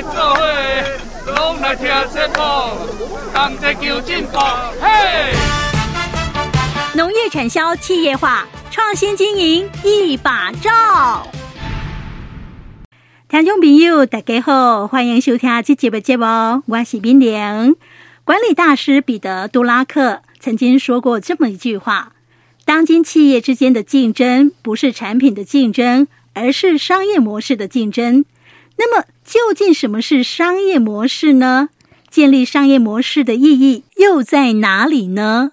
農業產銷企業化，創新經營一把罩。聽眾朋友，大家好，歡迎收聽這集的節目。我是。管理大師彼得·杜拉克曾經說過這麼一句話：當今企業之間的競爭，不是產品的競爭，而是商業模式的競爭。那麼，究竟什麼是商業模式呢？建立商業模式的意義又在哪裡呢？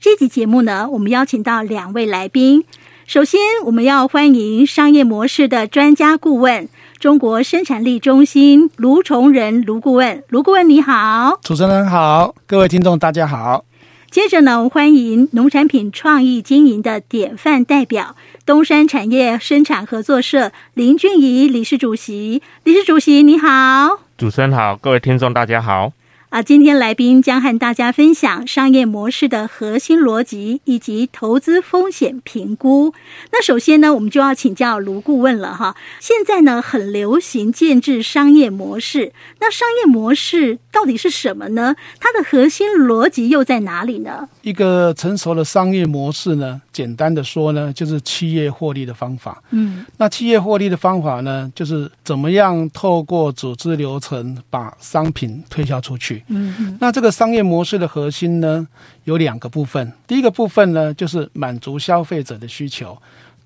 這期節目呢，我們邀請到兩位來賓。首先，我們要歡迎商業模式的專家顧問——中國生產力中心盧崇仁盧顧問。盧顧問，你好！主持人好，各位聽眾大家好。接着呢，我們歡迎農產品創意經營的典範代表。東山產業生產合作社林俊儀理事主席。理事主席，你好！主持人好，各位聽眾大家好。啊，今天來賓將和大家分享商業模式的核心邏輯以及投資風險評估。那首先呢，我們就要請教盧顧問了哈。現在呢，很流行建置商業模式。那商業模式到底是什麼呢？它的核心邏輯又在哪裡呢？一個成熟的商業模式呢，簡單的說呢，就是企業獲利的方法。嗯，那企業獲利的方法呢，就是怎麼樣透過組織流程把商品推銷出去。嗯，那這個商業模式的核心呢，有兩個部分。第一個部分呢，就是滿足消費者的需求；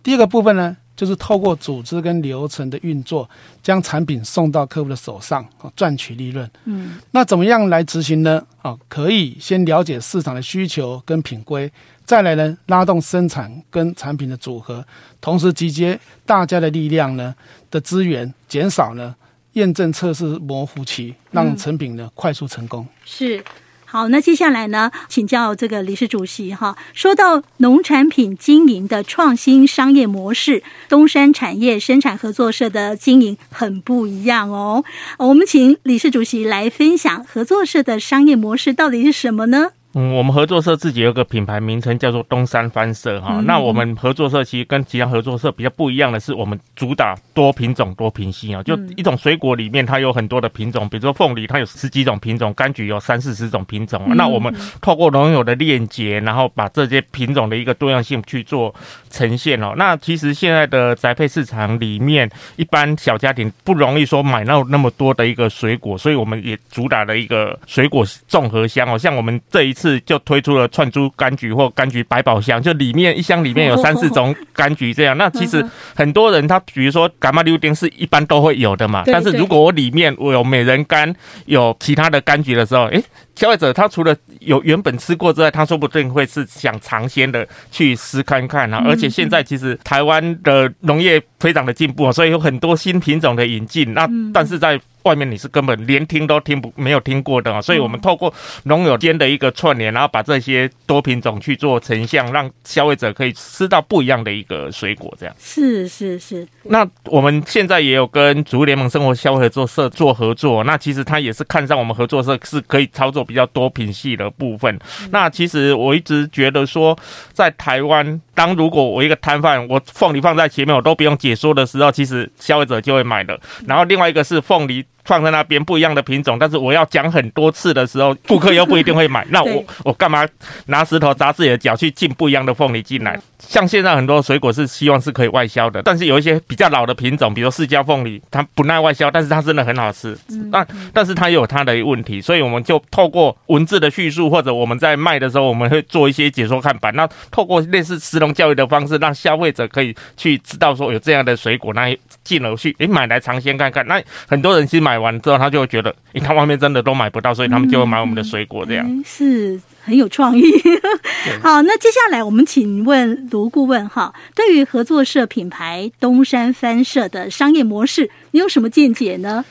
第二個部分呢，就是透過組織跟流程的運作，將產品送到客戶的手上，賺取利潤。嗯，那怎麼樣來執行呢？啊，可以先了解市場的需求跟品規，再來呢，拉動生產跟產品的組合，同時集結大家的力量呢的資源，減少呢。驗證測試模糊期，讓成品呢快速成功。嗯，是。好，那接下來呢，請教這個理事主席哈，說到農產品經營的創新商業模式，東山產業生產合作社的經營很不一樣哦。我們請理事主席來分享合作社的商業模式到底是什麼呢？嗯，我們合作社自己有個品牌名稱叫做東山番社哈、嗯嗯啊。那我們合作社其實跟其他合作社比較不一樣的是，我們主打多品種、多品系啊。就一種水果裡面，它有很多的品種，比如說鳳梨，它有十幾種品種；柑橘有三四十種品種。啊、那我們透過農友的鏈接，然後把這些品種的一個多樣性去做。呈現哦，那其實現在的宅配市場裡面，一般小家庭不容易說買到那麼多的一個水果，所以我們也主打了一個水果綜合箱哦，像我們這一次就推出了串珠柑橘或柑橘百寶箱，就裡面一箱裡面有三四種柑橘這樣。哦哦哦哦嗯、那其實很多人他比如說感冒柳丁是一般都會有的嘛，但是如果我裡面我有美人柑，有其他的柑橘的時候，哎、欸，消費者他除了有原本吃過之外，他說不定會是想嘗鮮的去試看看啊而且。嗯而且現在其實台灣的農業。非常的進步啊，所以有很多新品種的引進。那、啊嗯、但是在外面你是根本連聽都聽不沒有聽過的啊，所以我們透過農友間的一個串聯，然後把這些多品種去做成像，讓消費者可以吃到不一樣的一個水果。這樣是是是。那我們現在也有跟主婦聯盟生活消費合作社做合作。那其實他也是看上我們合作社是可以操作比較多品系的部分。嗯、那其實我一直覺得說，在台灣，當如果我一個攤販，我放你放在前面，我都不用解決。說的時候，其實消費者就會買的。然後，另外一個是鳳梨。放在那邊，不一樣的品種，但是我要講很多次的時候，顧客又不一定會買， 那我我幹嘛拿石頭砸自己的腳，去進不一樣的鳳梨進來、嗯？像現在很多水果是希望是可以外銷的，但是有一些比較老的品種，比如釋迦鳳梨，它不耐外銷，但是它真的很好吃。那、嗯嗯啊、但是它有它的問題，所以我們就透過文字的敘述，或者我們在賣的時候，我們會做一些解說看板，那透過類似食農教育的方式，讓消費者可以去知道說有這樣的水果，那進而去，誒、欸，買來嘗鮮看看。那很多人去買。買完之後，他就會覺得，你看外面真的都買不到，所以他們就會買我們的水果。這樣、嗯欸、是很有創意。 好，那接下來我們請問盧顧問哈，對於合作社品牌東山番社的商業模式，你有什麼見解呢？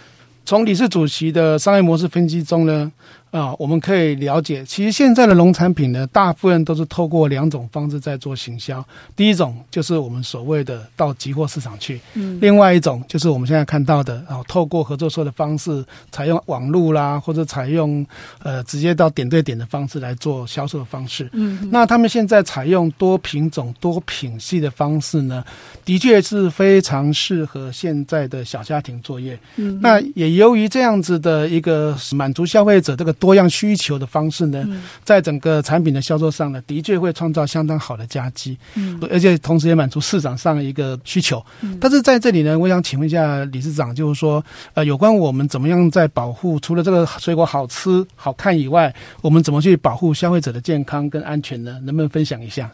從理事主席的商業模式分析中呢？啊，我們可以了解，其實現在的農產品呢，大部分都是透過兩種方式在做行銷。第一種就是我們所謂的到集貨市場去，嗯，另外一種就是我們現在看到的，啊，透過合作社的方式，採用網絡啦，或者採用呃直接到點對點的方式來做銷售的方式。嗯，那他們現在採用多品種、多品系的方式呢，的確是非常適合現在的小家庭作業。嗯，那也由於這樣子的一個滿足消費者這個。多樣需求的方式呢，嗯、在整個產品的銷售上呢，的確會創造相當好的佳績。嗯，而且同時也滿足市場上的一個需求、嗯。但是在這裡呢，我想請問一下理事長，就是說，呃，有關我們怎麼樣在保護，除了這個水果好吃好看以外，我們怎麼去保護消費者的健康跟安全呢？能不能分享一下？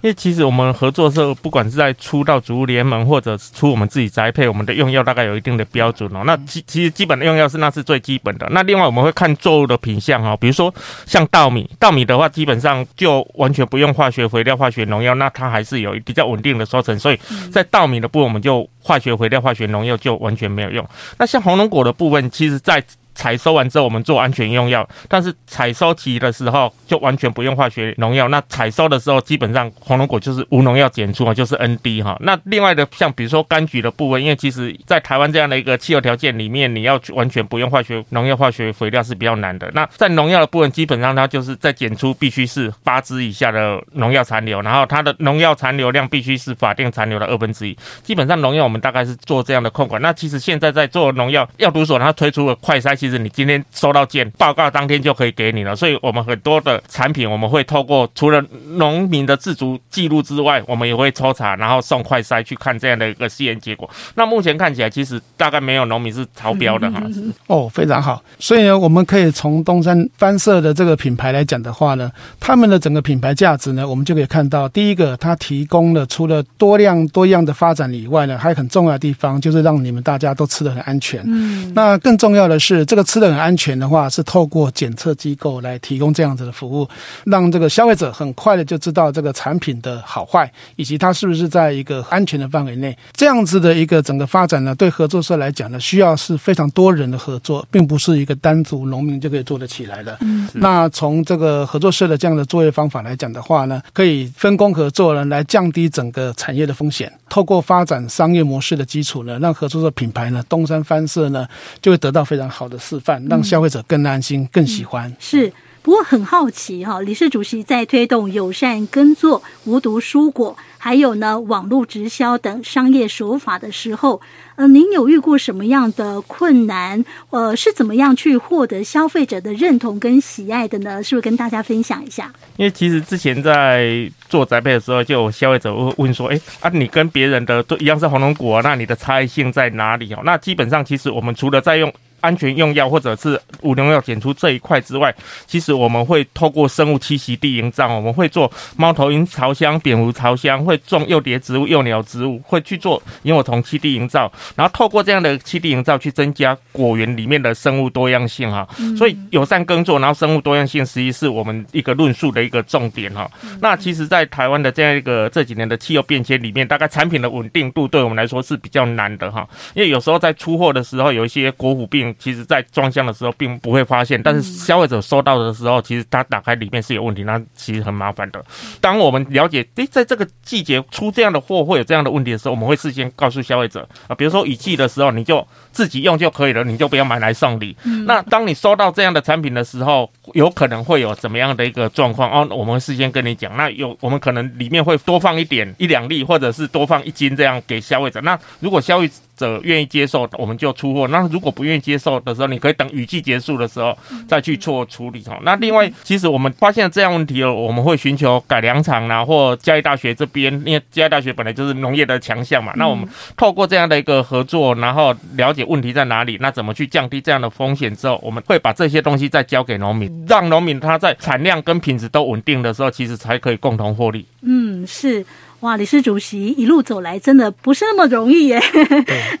因為其實我們合作社，不管是在出到植物聯盟，或者出我們自己栽培，我們的用藥大概有一定的標準哦。嗯、那其其實基本的用藥是那是最基本的。那另外我們會看作物的品。影像啊，比如說像稻米，稻米的話基本上就完全不用化學肥料、化學農藥，那它還是有比較穩定的收成。所以在稻米的部分，我們就化學肥料、化學農藥就完全沒有用。那像紅龍果的部分，其實，在採收完之後，我們做安全用藥，但是採收期的時候就完全不用化學農藥。那採收的時候，基本上紅龍果就是無農藥檢出啊，就是 ND 哈。那另外的，像比如說柑橘的部分，因為其實在台灣這樣的一個氣候條件裡面，你要完全不用化學農藥、化學肥料是比較難的。那在農藥的部分，基本上它就是在檢出必須是八支以下的農藥殘留，然後它的農藥殘留量必須是法定殘留的二分之一。基本上農藥我們大概是做這樣的控管。那其實現在在做農藥，藥毒所它推出了快篩器。其實是你今天收到件報告當天就可以給你了，所以，我們很多的產品，我們會透過除了農民的自主記錄之外，我們也會抽查，然後送快篩去看這樣的一個試驗結果。那目前看起來，其實大概沒有農民是超標的哈、嗯嗯嗯。哦，非常好。所以呢，我們可以從東山番社的這個品牌來講的話呢，他們的整個品牌價值呢，我們就可以看到，第一個，它提供了除了多量多樣的發展以外呢，還有很重要的地方就是讓你們大家都吃得很安全。嗯，那更重要的是。這個吃的很安全的話，是透過檢測機構來提供這樣子的服務，讓這個消費者很快的就知道這個產品的好壞，以及它是不是在一個安全的範圍內。這樣子的一個整個發展呢，對合作社來講呢，需要是非常多人的合作，並不是一個單獨農民就可以做得起來的。那從這個合作社的這樣的作業方法來講的話呢，可以分工合作呢來降低整個產業的風險。透過發展商業模式的基礎呢，讓合作的品牌呢東山翻社呢，就會得到非常好的示範，讓消費者更安心、嗯、更喜歡。嗯、是。不過很好奇哈，理事主席在推動友善耕作、無毒蔬果，還有呢網絡直銷等商業手法的時候，呃，您有遇過什麼樣的困難？呃，是怎麼樣去獲得消費者的認同跟喜愛的呢？是不是跟大家分享一下？因為其實之前在做宅配的時候，就有消費者會問說：“哎、欸、啊，你跟別人的都一樣是紅龍果、啊，那你的差異性在哪裡、啊？”哦，那基本上其實我們除了在用。安全用藥或者是無農藥檢出這一塊之外，其實我們會透過生物棲息地營造，我們會做貓頭鷹巢箱、蝙蝠巢箱，會種誘蝶植物、誘鳥植物，會去做螢火蟲棲地營造，然後透過這樣的棲地營造去增加果園裡面的生物多樣性哈、嗯，所以友善耕作，然後生物多樣性，實際是我們一個論述的一個重點哈、嗯。那其實，在台灣的這樣一個這幾年的氣候變遷裡面，大概產品的穩定度對我們來說是比較難的哈，因為有時候在出貨的時候，有一些果腐病。其實，在裝箱的時候並不會發現，但是消費者收到的時候，其實他打開裡面是有問題，那其實很麻煩的。當我們了解誒、欸，在這個季節出這樣的貨，會有這樣的問題的時候，我們會事先告訴消費者啊，比如說雨季的時候，你就，自己用就可以了，你就不要買來送禮、嗯。那當你收到這樣的產品的時候，有可能會有怎麼樣的一個狀況？哦，我們事先跟你講，那有我們可能裡面會多放一點一兩粒，或者是多放一斤這樣給消費者。那如果消費者願意接受，我們就出貨；那如果不願意接受的時候，你可以等雨季結束的時候再去做處理哦、嗯。那另外，其實我們發現這樣問題了，我們會尋求改良場然後嘉義大學這邊，因為嘉義大學本來就是農業的強項嘛、嗯。那我們透過這樣的一個合作，然後了解。問題在哪裡？那怎麼去降低這樣的風險？之後我們會把這些東西再交給農民，讓農民他在產量跟品質都穩定的時候，其實才可以共同獲利。嗯，是哇，理事主席一路走來真的不是那麼容易耶。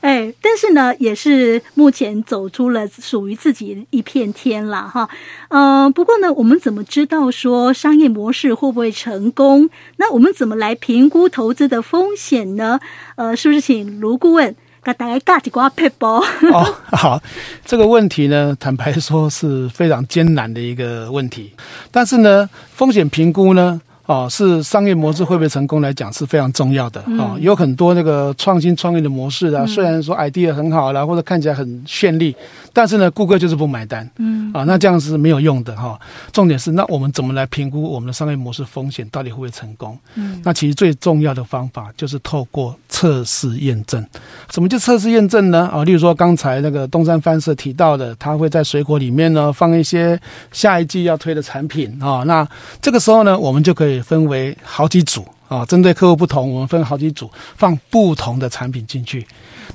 哎、 欸，但是呢，也是目前走出了屬於自己一片天了哈。嗯、呃，不過呢，我們怎麼知道說商業模式會不會成功？那我們怎麼來評估投資的風險呢？呃，是不是請盧顧問？給大家加一個撇步。哦，好，這個問題呢，坦白說是非常艱難的一個問題，但是呢，風險評估呢，哦，是商業模式會不會成功來講是非常重要的啊、哦。有很多那個創新創業的模式啊、嗯，雖然說 idea 很好啦，或者看起來很絢麗，但是呢，顧客就是不買單。嗯，啊，那這樣是沒有用的哈、哦。重點是，那我們怎麼來評估我們的商業模式風險到底會不會成功？嗯，那其實最重要的方法就是透過測試驗證。什麼叫測試驗證呢？啊、哦，例如說剛才那個東山番社提到的，他會在水果裡面呢放一些下一季要推的產品啊、哦。那這個時候呢，我們就可以。分為好幾組啊，針對客戶不同，我們分好幾組放不同的產品進去。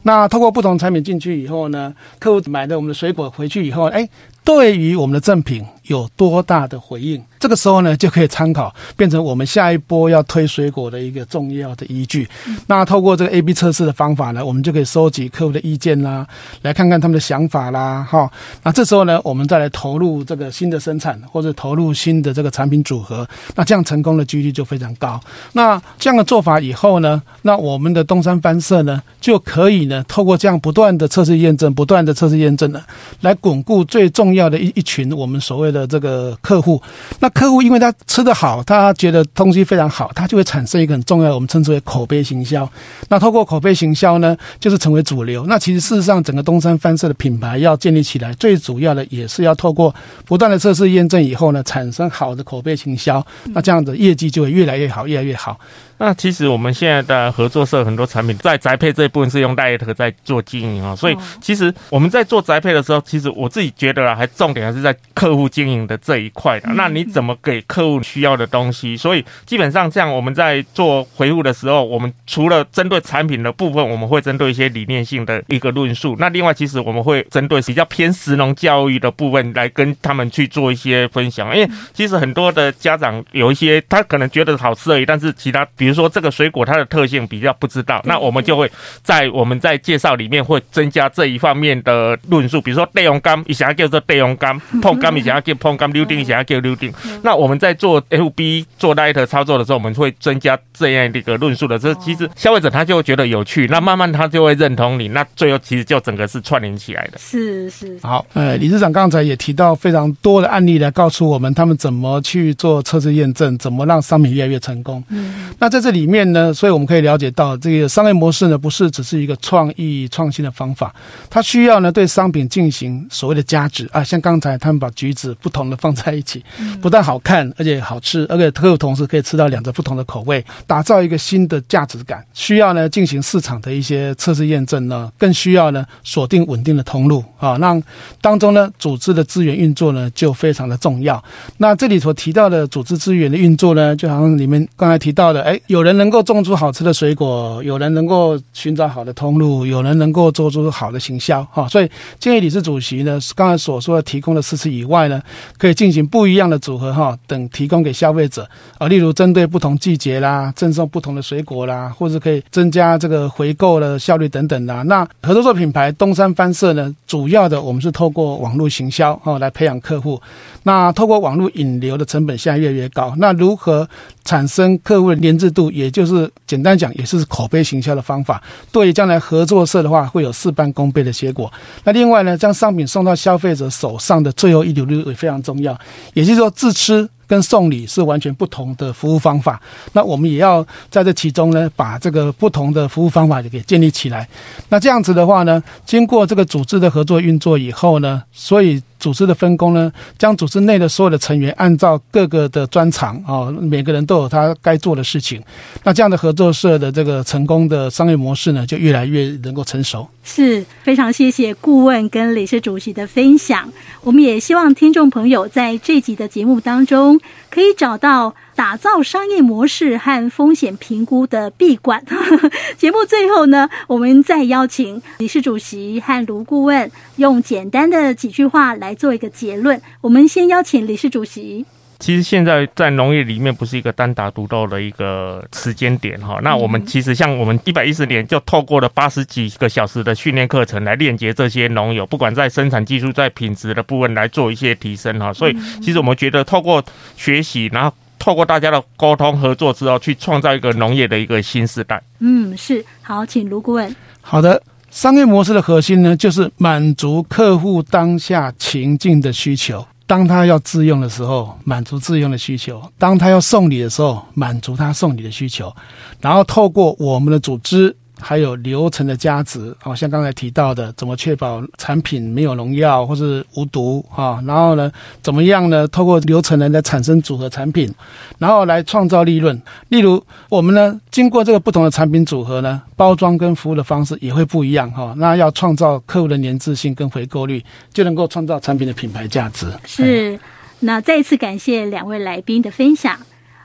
那透過不同產品進去以後呢，客戶買了我們的水果回去以後，哎，對於我們的贈品有多大的回應？這個時候呢，就可以參考，變成我們下一波要推水果的一個重要的依據。嗯、那透過這個 A B 測試的方法呢，我們就可以收集客戶的意見啦，來看看他們的想法啦，哈。那這時候呢，我們再來投入這個新的生產，或者投入新的這個產品組合。那這樣成功的幾率就非常高。那這樣的做法以後呢，那我們的東山番社呢，就可以呢，透過這樣不斷的測試驗證，不斷的測試驗證呢，來鞏固最重要的一一群我們所謂的這個客戶。那客戶因為他吃得好，他覺得東西非常好，他就會產生一個很重要的，我們稱之為口碑行銷。那透過口碑行銷呢，就是成為主流。那其實事實上，整個東山番社的品牌要建立起來，最主要的也是要透過不斷的測試驗證以後呢，產生好的口碑行銷。那這樣子業績就會越來越好，越來越好。那其實我們現在的合作社很多產品在宅配這一部分是用大業特在做經營啊，所以其實我們在做宅配的時候，其實我自己覺得啦，還重點還是在客戶經營的這一塊的。那你怎麼給客戶需要的東西？所以基本上這樣，我們在做回復的時候，我們除了針對產品的部分，我們會針對一些理念性的一個論述。那另外，其實我們會針對比較偏食農教育的部分來跟他們去做一些分享，因為其實很多的家長有一些他可能覺得好吃而已，但是其他比比如說這個水果它的特性比較不知道，那我們就會在我們在介紹裡面會增加這一方面的論述。比如說帝王柑你想要叫做帝王柑椪柑你想要叫椪柑柳丁，你想要叫柳丁。那我們在做 FB 做 light 操作的時候，我們會增加這樣的一個論述的時候，其實消費者他就會覺得有趣，那慢慢他就會認同你，那最後其實就整個是串聯起來的。是是好，呃，理事長剛才也提到非常多的案例來告訴我們他們怎麼去做測試驗證，怎麼讓商品越來越成功。嗯，那。在這裡面呢，所以我們可以了解到，這個商業模式呢，不是只是一個創意創新的方法，它需要呢對商品進行所謂的加值啊，像剛才他們把橘子不同的放在一起，不但好看，而且好吃，而且特有同時可以吃到兩個不同的口味，打造一個新的價值感。需要呢進行市場的一些測試驗證呢，更需要呢鎖定穩定的通路啊，讓當中呢組織的資源運作呢就非常的重要。那這裡所提到的組織資源的運作呢，就好像裡面剛才提到的，哎。有人能夠種出好吃的水果，有人能夠尋找好的通路，有人能夠做出好的行銷，哈、哦，所以建議理事主席呢。剛才所說的提供的四次以外呢，可以進行不一樣的組合，哈、哦，等提供給消費者啊，例如針對不同季節啦，贈送不同的水果啦，或是可以增加這個回購的效率等等啦、啊。那合作社品牌東山番社呢，主要的我們是透過網絡行銷哦來培養客戶。那透過網絡引流的成本現在越來越高，那如何產生客戶的黏著？度，也就是簡單講，也是口碑行銷的方法，對於將來合作社的話，會有事半功倍的結果。那另外呢，將商品送到消費者手上的最後一哩路也非常重要。也就是說，自吃跟送禮是完全不同的服務方法。那我們也要在這其中呢，把這個不同的服務方法給建立起來。那這樣子的話呢，經過這個組織的合作運作以後呢，所以。組織的分工呢，將組織內的所有的成員按照各個的專長啊，哦，每個人都有他該做的事情。那這樣的合作社的這個成功的商業模式呢，就越來越能夠成熟。是非常謝謝顧問跟理事主席的分享，我們也希望聽眾朋友在這集的節目當中。可以找到打造商業模式和風險評估的閉關。 節目最後呢，我們再邀請理事主席和盧顧問用簡單的幾句話來做一個結論。我們先邀請理事主席。其實現在在農業裡面不是一個單打獨鬥的一個時間點哈，那我們其實像我們一百一十年就透過了八十幾個小時的訓練課程來鏈接這些農友，不管在生產技術、在品質的部分來做一些提升哈，所以其實我們覺得透過學習，然後透過大家的溝通合作之後，去創造一個農業的一個新時代。嗯，是。好，請盧顧問。好的，商業模式的核心呢，就是滿足客戶當下情境的需求。當他要自用的時候，滿足自用的需求。當他要送禮的時候，滿足他送禮的需求。然後透過我們的組織。還有流程的價值，好、哦、像剛才提到的，怎麼確保產品沒有農藥或是無毒哈、哦？然後呢，怎麼樣呢？透過流程來產生組合產品，然後來創造利潤。例如，我們呢，經過這個不同的產品組合呢，包裝跟服務的方式也會不一樣哈、哦。那要創造客戶的黏滯性跟回購率，就能夠創造產品的品牌價值。嗯、是，那再一次感謝兩位來賓的分享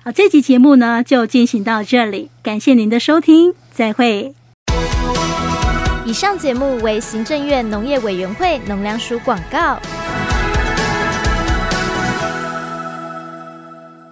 啊！這集節目呢，就進行到這裡，感謝您的收聽，再會。以上節目為行政院農業委員會農糧署廣告。